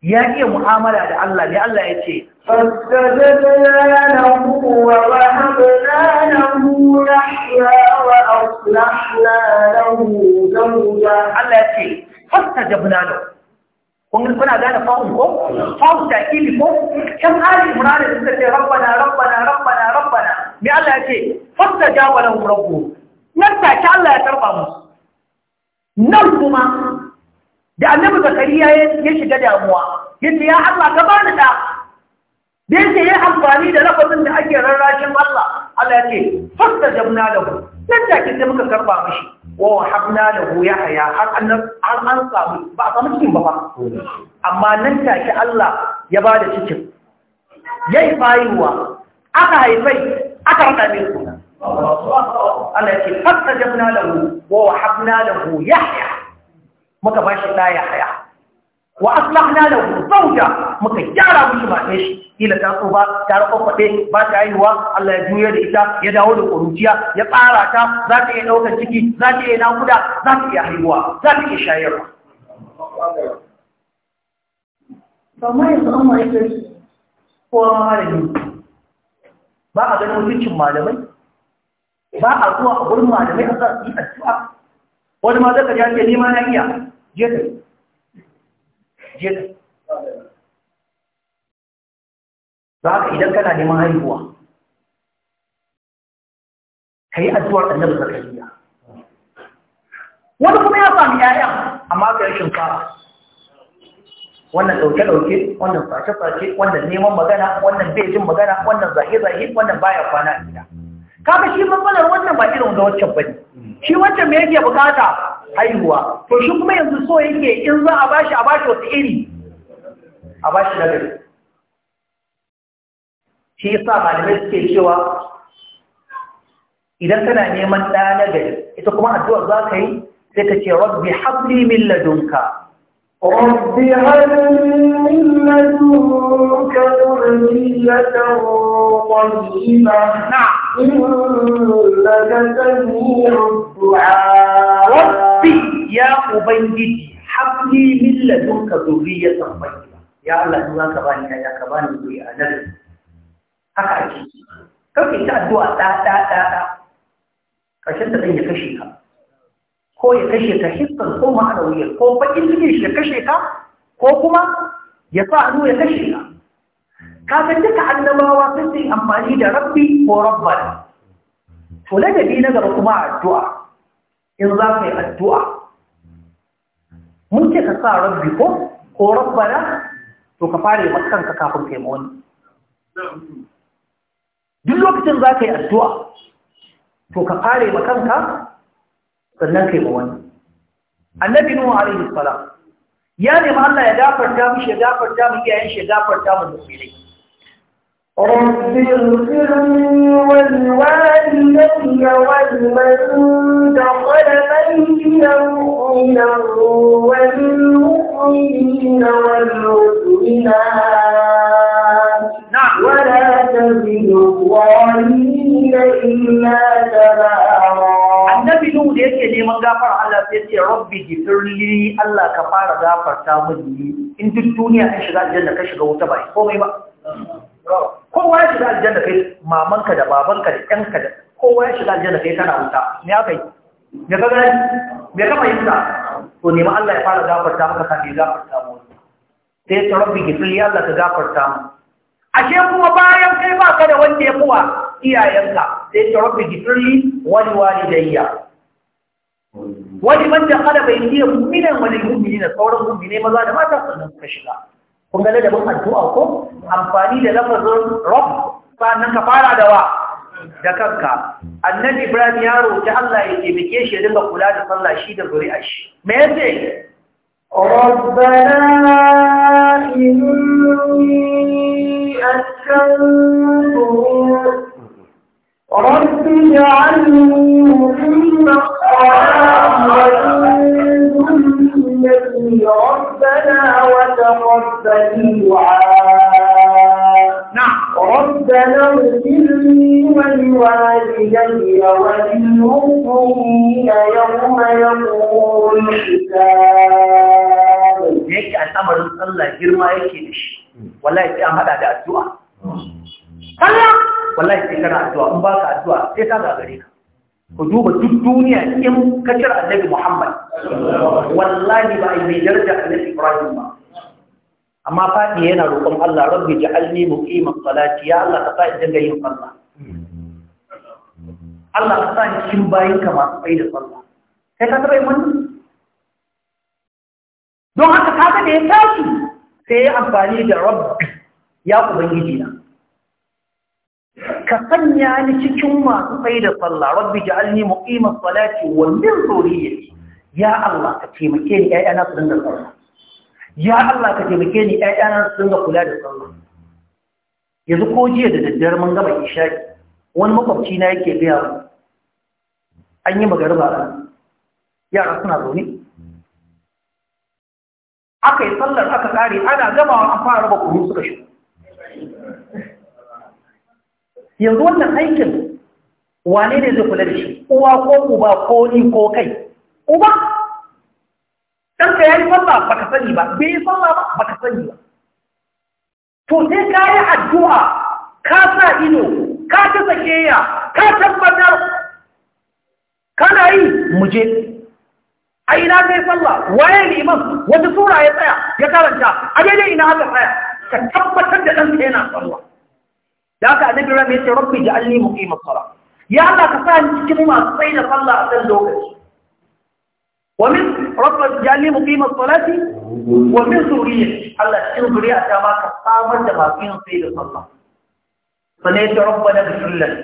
ya iya mu'amala da Allah ne Allah ya ce fastajabna lahu wa wahabna lahu rahya wa aslahna lahu zawja Allah ya ce jabna lahu kun kuna gane fa'un ko fa'un ta ili ko kan hali imran suka ce rabbana rabbana rabbana rabbana me Allah yake fasta jawala rabbu nan ta ki Allah ya karba mu. nan kuma da annabi zakariya ya shiga damuwa yace ya Allah ka bani da da yake yi amfani da lafazin da ake rarrashin Allah Allah yake fasta jabna lahu nan ta ke sai muka karba mishi wa habna lahu yahya har an har an samu ba samu cikin ba fa amma nan take Allah ya ba da cikin yayi bayuwa aka haifai aka rada mai suna Allah ce fasta jabna lahu wa habna lahu haya muka ba shi da yahya wa aslahna lahu zawja muka gyara mishi matan shi kila ta tsufa ta rakwakwaɗe ba ta haihuwa Allah ya juya da ita ya dawo da ƙuruciya ya tsara ta za ta iya ɗaukar ciki za ta iya nakuda za ta iya haihuwa za ta iya shayarwa. Kamar yanzu an ma ita kowa malami ba a ganin mutuncin malamai ba a zuwa a gurin malamai a sa yi addu'a wani ma zaka ji ake nema na iya je ka je ka don haka idan kana neman haihuwa ka yi addu'ar annabi zakariya wani kuma ya sami ‘ya'yan a ka rashin fara wannan ɗauke-ɗauke wannan sace-sace wannan neman magana wannan bejin magana wannan zahe-zahe wannan baya kwana a gida Kaka shi matsalar wannan ba irin da waccan bane shi waccan mai yake bukata haihuwa to shi kuma yanzu so yake in za a bashi a bashi wata iri a bashi nagari shi yasa malamai suke cewa idan kana neman ɗa na gari ita kuma addu'ar za ka yi sai ka ce rabbi habli min ladunka rabbi habli min ladunka dhurriyatan tayyiba innaka sami'ud du'a rabbi ya ubangiji habli min ladunka dhurriyatan tayyiba ya Allah in za ka bani ya ka bani zuri'a na gari haka ake kake ta addu'a da da da da karshen da ya kashe ka ko ya kashe ka hissan ko ma'anawiyar ko bakin cikin shi ya kashe ka ko kuma ya sa hannu ya kashe ka kafin duka annabawa sun yi amfani da rabbi ko rabban to ladabi na gaba kuma addu'a in za ka yi addu'a mun ce ka sa rabbi ko ko rabbana to ka fare makanka kafin kai wani lokacin za ka yi addu'a to ka fare ma kanka sannan ka yi mawani. annabi nuhu alaihi salam ya nemi Allah ya gafarta mu ya gafarta mu iyayen shi ya gafarta mu musulmai رب اغفرني ولوالدي ولا تزد الظالمين إلا تبارا annabi nuhu da yake neman gafar Allah sai ce rabbi gifirli Allah ka fara gafarta mini in duk duniya an shiga aljanna ka shiga wuta ba komai ba kowa ya shiga aljanna kai mamanka da babanka da ƴanka da kowa ya shiga aljanna kai kana wuta me aka yi me ka gani me ka fahimta to nema Allah ya fara gafarta maka kafin gafarta mu sai ya ce rabbi gifirli Allah ka gafarta mu ashe kuma bayan kai ba ka da wanda ya kuwa iyayenka sai ta rufe gifirli wani walidayya wani man da kada bai iya mu'minan wani mu'mini na sauran mu'mine maza da mata sannan suka shiga kun gane da ban addu'a ko amfani da lafazin rob sannan ka fara da wa da kanka annabi ibrahim ya roƙi Allah ya taimake shi ya dinga kula da sallah shi da zuri'a shi me yace ربنا إني سكنت رب اجعلني مقيم الصلاة ومن ذريتي ربنا وتقبل دعاء ربنا اغفر لي ولوالدي وللمؤمنين يوم يقوم الحساب. هيك الامر الله يرمى هيك شيء والله يتأمل هذا الدعاء wallahi sai kana addu'a in baka addu'a sai ka gagare ka ku duba duk duniya in ka cire annabi Muhammad wallahi ba ai mai daraja annabi Ibrahim ba amma fadi yana roƙon Allah rabbi ja'alni muqimat salati ya Allah ka sa in dinga yin sallah Allah ka sa ni cikin bayin ka masu tsayi da sallah kai ka taɓa yin wannan don haka kaga da ya tashi sai ya amfani da rabbi ya ubangiji na ka sanya ni cikin masu tsaye da tsalla rabbi an muqimat salati wa wannan dhurriyyati ya Allah ka taimake ni ƴaƴana su dinga tsalla ya Allah ka taimake ni ƴaƴana su dinga kula da tsalla yanzu ko jiya da daddare mun gama isha'i wani makwabci na yake biya an yi magariba yara suna zaune aka yi sallar aka kare ana gamawa an fara raba kuru suka shigo yanzu wannan aikin wane ne zai kula da shi uwa ko uba ko ni ko kai uba ɗanka ya yi sallah baka sani ba bai yi sallah ba baka sani ba to sai ka yi addu'a ka sa ido ka ta sakeya ka tabbatar kana yi muje a ina yi sallah waye liman wata sura ya tsaya ya karanta a daidai ina aka tsaya ka tabbatar da ɗanka yana sallah da haka annabi rabbi yace rabbi ja'alni muqima as-salah ya Allah ka sa ni cikin masu tsayi da sallah a kan lokaci wa min rabbi ja'alni muqima as-salati wa min zuriyyati Allah cikin zuriya ta ma ka samar da masu yin tsayi da sallah sanai ta rabbana ghfir lana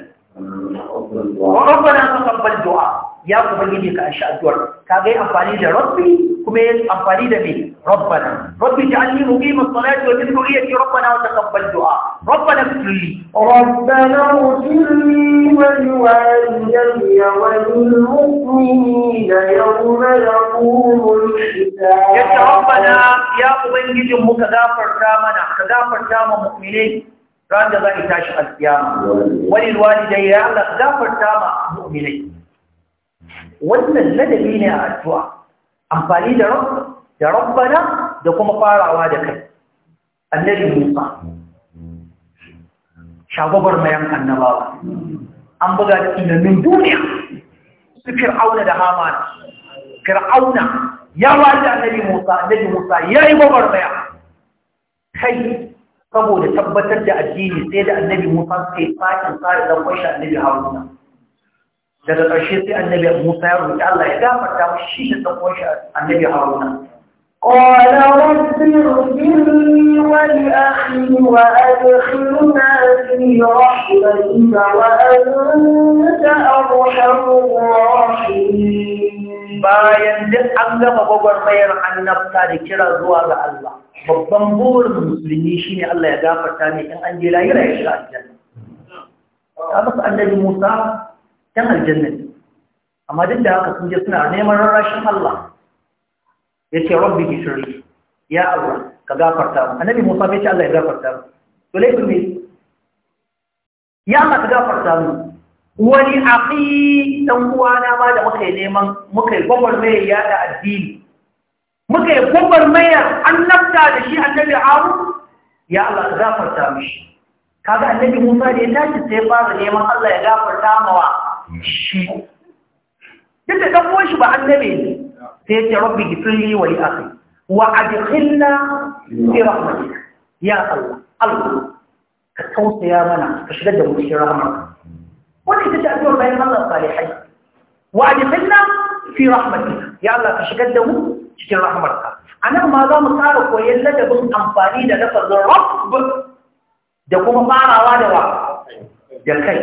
wa rabbana taqabbal du'a ya kuma ubangiji ka asha addu'ar ka ga amfani da rabbi kuma amfani da me ربنا رب اجعلني مقيم الصلاة ومن ذريتي ربنا وتقبل دعاء ربنا اغفر لي ربنا اغفر لي ولوالدي وللمؤمنين يوم يقوم الحساب يا ربنا يا أبنجي مكذافر تامنا كذافر تام مؤمنين ran da za a tashi يا wani walidai ya Allah gafarta ma mu'minai wannan ladabi ne ربنا addu'a amfani da rabb da rabbana da kuma farawa da kai annabi musa shagabar mayan annabawa an buga tunanin duniya su fir'auna da hamani fir'auna ya wada annabi musa annabi musa ya yi babar maya kai saboda tabbatar da addini sai da annabi musa sai fakin tsari don kwashe annabi haruna daga ƙarshe sai annabi musa ya roƙi allah ya gafarta mashi shi da kwashe annabi haruna قال رب اغفرني ولأخي وأدخلنا في رحمتك وأنت أرحم الراحمين bayan duk an gama gwagwarmayar annabta da kira zuwa ga Allah babban burin musulmi shine Allah ya gafarta ne in an je lahira ya shiga aljanna ta basu annabi Musa dan aljanna amma duk da haka sun je suna neman rarrashin Allah yace rabbi gishirli ya Allah ka gafarta mu annabi Musa bai ce Allah ya gafarta mu to laifin ne ya Allah ka gafarta mu wani akhi dan uwana ma da muka yi neman muka yi gwagwarmayar yada addini muka yi gwagwarmayar annabta da shi annabi Harun ya Allah ka gafarta mishi kaga annabi Musa da ya tashi sai fara neman Allah ya gafarta mawa shi mm. duk da dan shi ba annabi ne sai ya rabbi gifirli wa li'akhi wa adkhilna fi rahmatika ya Allah Allah ka tausaya mana ka shigar da mu cikin rahmatika wannan ita ce addu'ar bayan Allah salihai wa adkhilna fi rahmatika ya Allah ka shigar da mu cikin rahmarka anan ma za mu fara koyon ladabin amfani da lafazin rabb da kuma farawa da wa da kai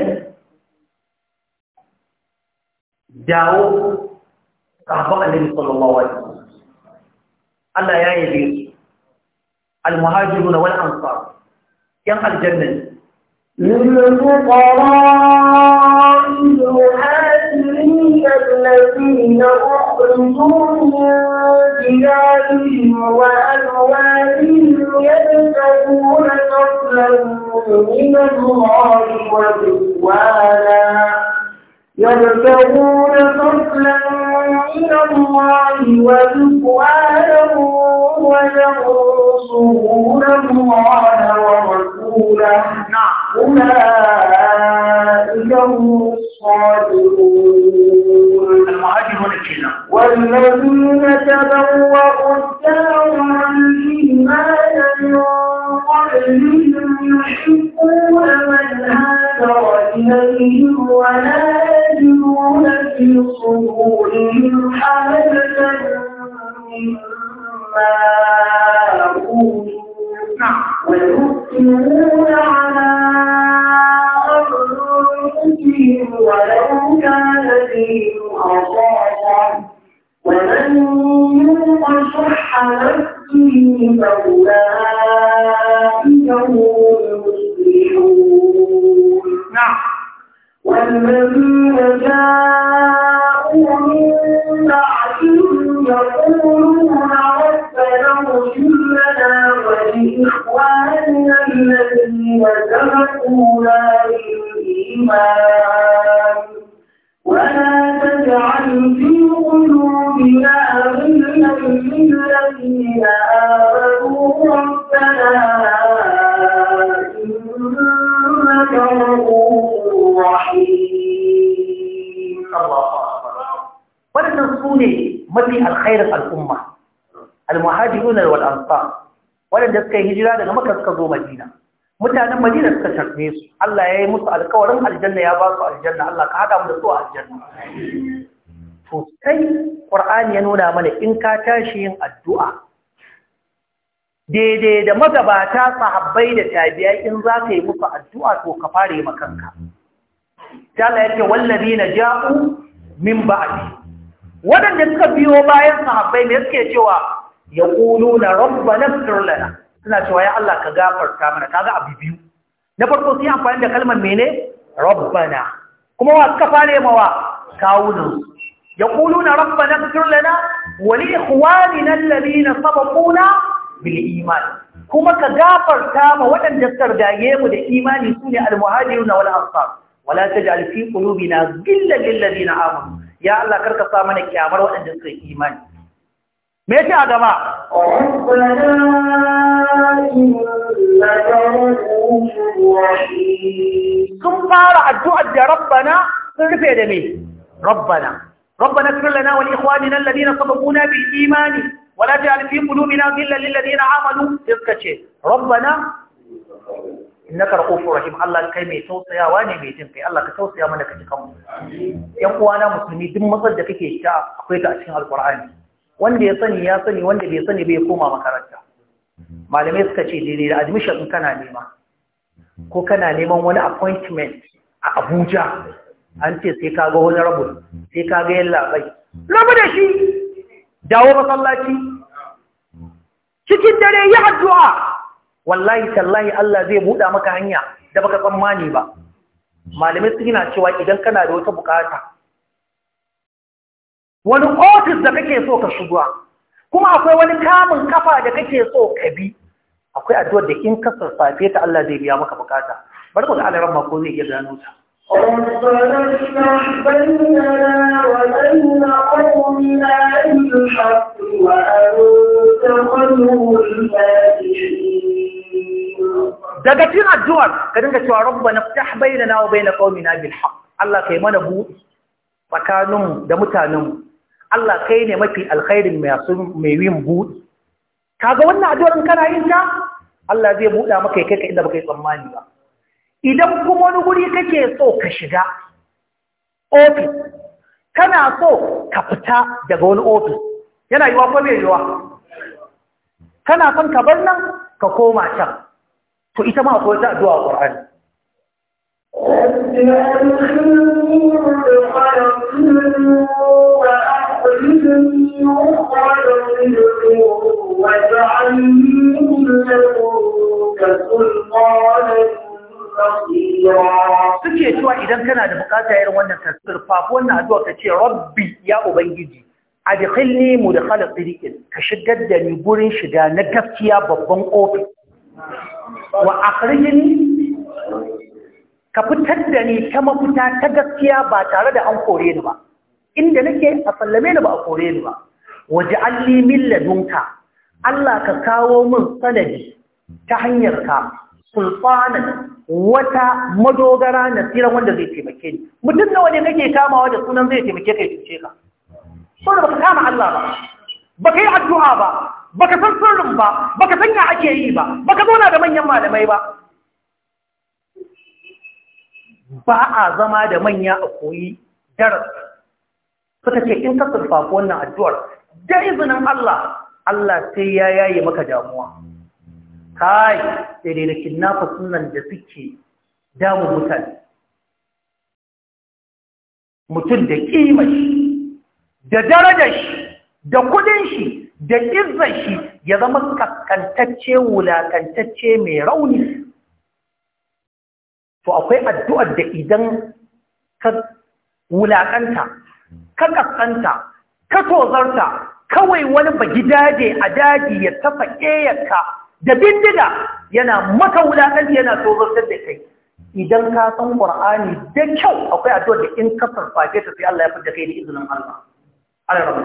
dawo صحابة النبي صلى الله عليه وسلم قال يا يزيد المهاجرون والأنصار ينقى الجنة للفقراء المهاجرين الذين أخرجوا من ديارهم وأموالهم يبتغون فضلا من الله ورضوانا يبتغون فضلا إلى الله ورضوانه وينصرون الله ورسوله أولئك هم الصادقون المهاجرون والذين تبوأوا الدار والإيمان من الذين يحبون من هاجر إليهم ولا يجدون في صدورهم مما أوتوا ويؤثرون ولو كان بهم خصاصة حمدته فأولئك هم المفلحون نعم والذين جاءوا من بعدهم يقولون ربنا اغفر لنا ولإخواننا الذين سبقونا بالإيمان ولا تجعل في قلوبنا للذين آمنوا ربنا إنك رؤوف رحيم الله أكبر ولكن سوني mafi alkhairin al'umma al-muhajirun wal ansar waɗanda suka yi hijira daga maka suka zo madina mutanen madina suka tarbe su Allah ya yi musu alkawarin aljanna ya ba su aljanna Allah ka hada mu da su a aljanna to sai ya nuna mana in ka tashi yin addu'a daidai da magabata sahabbai da tabiya in za ka yi muka addu'a to ka fare makanka jala yake wallabi na ja'u min ne. waɗanda suka biyo bayan sahabbai ne suke cewa ya ƙulu na rabba na lana suna cewa ya Allah ka gafarta mana kaga abu biyu na farko sun yi amfani da kalmar mene rabbana kuma wa suka fare mawa kawunan يقولون ربنا اغفر لنا ولإخواننا الذين سبقونا بالإيمان كما كغافر تام ولن يستر دايم دا إيمان المهاجرون والأنصار ولا تجعل في قلوبنا غلا للذين آمنوا يا الله كرك صامنا كامر ودن الايمان إيمان يا جماعة؟ ربنا إنك رؤوف رحيم ثم قال الدعاء ربنا sun ربنا اغفر لنا ولإخواننا الذين سبقونا بالإيمان ولا تجعل في قلوبنا غلا للذين آمنوا تذكر ربنا إنك رؤوف رحيم الله كي مي توصيا واني مي تنقي الله mana منك تكم yan uwana musulmi duk matsar da kake sha akwai ta a cikin alkur'ani wanda ya sani ya sani wanda bai sani bai koma makaranta malamai suka ce daidai da admission kana nema ko kana neman wani appointment a Abuja an ce sai ka ga wani rabu sai ka ga yin labai rabu da shi dawo masallaci cikin dare yi addu'a wallahi tallahi Allah zai buɗa maka hanya da baka tsammani ba malamai na cewa idan kana da wata bukata wani ofis da kake so ka shiga kuma akwai wani kamun kafa da kake so ka bi akwai addu'ar da in ka safe ta Allah zai biya maka bukata bari ku ga alaran ma ko zai iya gano ta ربنا افتح بيننا وبين قومنا بالحق وأنت خير الفاتحين daga cikin addu'ar ka dinga cewa rabbana ftah bainana wa bain qaumina bil Allah kai mana buɗi tsakaninmu da mutanenmu Allah kai ne mafi alkhairin mai mai yin buɗi kaga wannan addu'ar kana yin ta Allah zai buɗa maka kai ka inda baka yi tsammani ba idan kuma wani guri kake so ka shiga ofis kana so ka fita daga wani ofis yana yiwa ko bai yiwa kana son ka bar nan ka koma can to ita ma kuwa ta addu'a Qur'ani وأخرجني وأخرجني idan kana da bukata irin wannan tasir fafi wannan addu'a ka ce rabbi ya ubangiji da mudkhala tiriqin ka shigar da ni gurin shiga na gaskiya babban ofis wa ƙarfin ka fitar da ni ta mafita ta gaskiya ba tare da an kore ni ba inda nake a sallame ni ba a kore ni ba waje alli min ladunka Allah ka kawo min sanadi ta hanyar ka sulfanan wata madogara na tsira wanda zai taimake ni mutum na wani kake kamawa da sunan zai taimake kai cuce ka so da baka kama Allah ba baka yi addu'a ba baka san sirrin ba baka san ya ake yi ba baka zauna da manyan malamai ba ba a zama da manya a koyi darasi suka ce in ka surfa wannan addu'ar da izinin Allah Allah sai ya yaye maka damuwa kai sai da kinnafa sunan da suke damu mutane mutum da kimar shi da darajar shi da kudin shi da izzar shi ya zama kakkantacce wulakantacce mai rauni to akwai addu'ar da idan ka wulakanta ka kakkanta ka tozarta kawai wani ba a daji ya tafa ƙeyarka da bindiga yana maka wulakanci yana tozartar da kai idan ka san ƙwar'ani da kyau akwai addu'ar da in ka fage ta sai Allah ya fada kai da izinin Allah Allah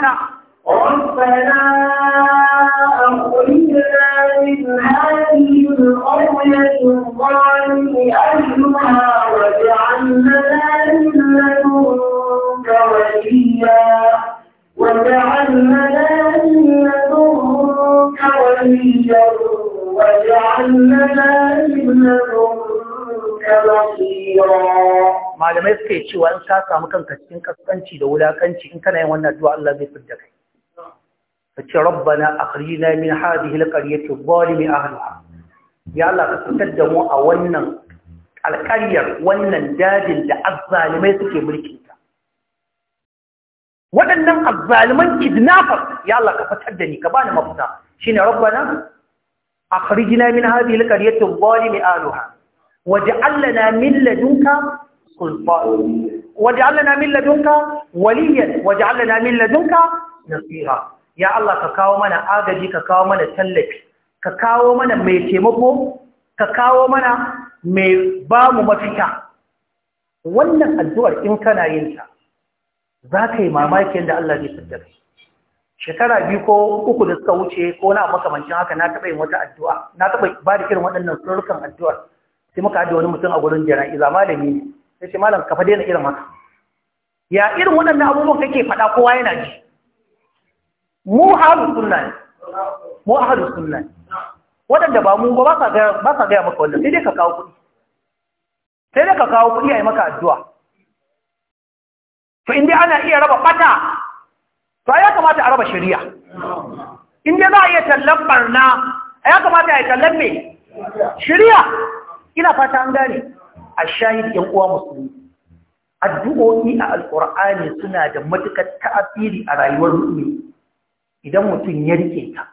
था rufe cewa in ka samu kanka cikin kaskanci da wulakanci in kana yin wannan addu'a Allah zai fidda kai kace rabbana akhrijna min hadhihi alqaryati adh-dhalimi ahliha ya Allah ka fitar da mu a wannan alƙaryar wannan dajin da azzalimai suke mulki ta waɗannan azzaliman kidnappers ya Allah ka fitar da ni ka bani mafita shine rabbana akhrijna min hadhihi alqaryati adh-dhalimi ahliha waj'al lana min ladunka سلطان واجعلنا من لدنك وليا واجعلنا من لدنك نصيرا يا الله ككاو منا agaji ka kawo mana tallafi ka kawo mana mai taimako ka kawo mana mai bamu mafita wannan addu'ar in kana yin ta za ka yi mamakin da Allah zai fitar shekara biyu ko uku da suka wuce ko na makamancin haka na taɓa yin wata addu'a na taɓa ba da irin waɗannan surukan addu'ar sai muka haɗe wani mutum a gurin jana'iza malami ne Sai ce malam ka daina irin haka ya irin waɗannan abubuwan kake faɗa kowa yana ji mu ahlus sunna ne mu ahlus sunna ne waɗanda ba mu ba ba sa gaya maka wannan sai dai ka kawo kuɗi sai dai ka kawo kuɗi a yi maka addu'a to in dai ana iya raba fata to ya kamata a raba shari'a in dai za a iya tallan barna ya kamata a yi tallan mai shari'a ina fata an gane a shahid yan uwa addu'o'i a alqur'ani suna da matukar ta'abiri a rayuwar mu'mini idan mutum ya rike ta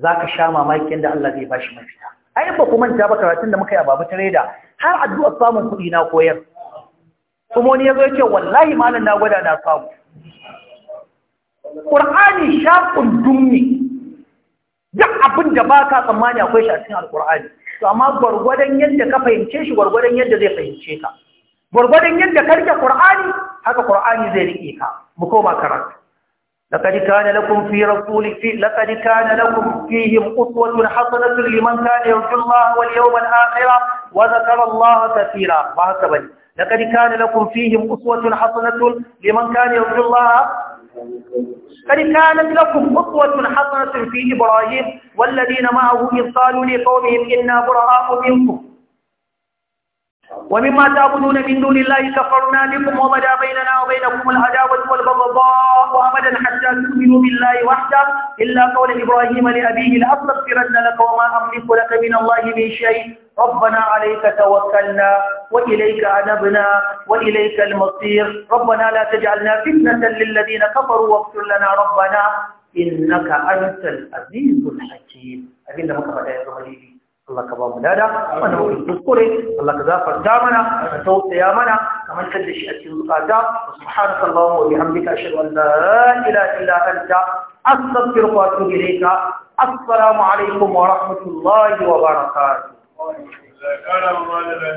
zaka sha mamakin da Allah zai bashi mafita ai ba ku manta ba karatun da muka yi a babu tareda har addu'a samun kuɗi na koyar kuma wani yazo yake wallahi malam na gwada na samu Qur'ani shaqun dummi duk abin da baka tsammani akwai shi a cikin al to amma gwargwadon yadda ka fahimce shi gwargwadon yadda zai fahimce ka gwargwadon yadda ka rike qur'ani haka qur'ani zai rike ka mu koma karatu laqad kana lakum fi rasuli fi laqad kana lakum fihim uswatun hasanatun liman kana yarju Allah wal yawmal akhir wa dhakara Allah katira ba haka bane laqad kana lakum fihim uswatun hasanatun liman قد كانت لكم أسوة حسنة في إبراهيم والذين معه إذ قالوا لقومهم إنا براء منكم ومما تعبدون من دون الله كفرنا بكم وبدا بيننا وبينكم العداوة والبغضاء أبدا حتى تؤمنوا بالله وحده إلا قول إبراهيم لأبيه لأستغفرن لك وما أملك لك من الله من شيء ربنا عليك توكلنا وإليك أنبنا وإليك المصير ربنا لا تجعلنا فتنة للذين كفروا واغفر لنا ربنا إنك أنت العزيز الحكيم أبين لما يا ليبي الله كبا مدادا وانا ممكن تذكري الله كذا فردامنا فتوت يامنا كمان كدش أتي القادة وسبحانك اللهم وبحمدك أشهد أن لا إله إلا أنت أستغفرك وأتوب إليك السلام عليكم ورحمة الله وبركاته ذكر وما لديها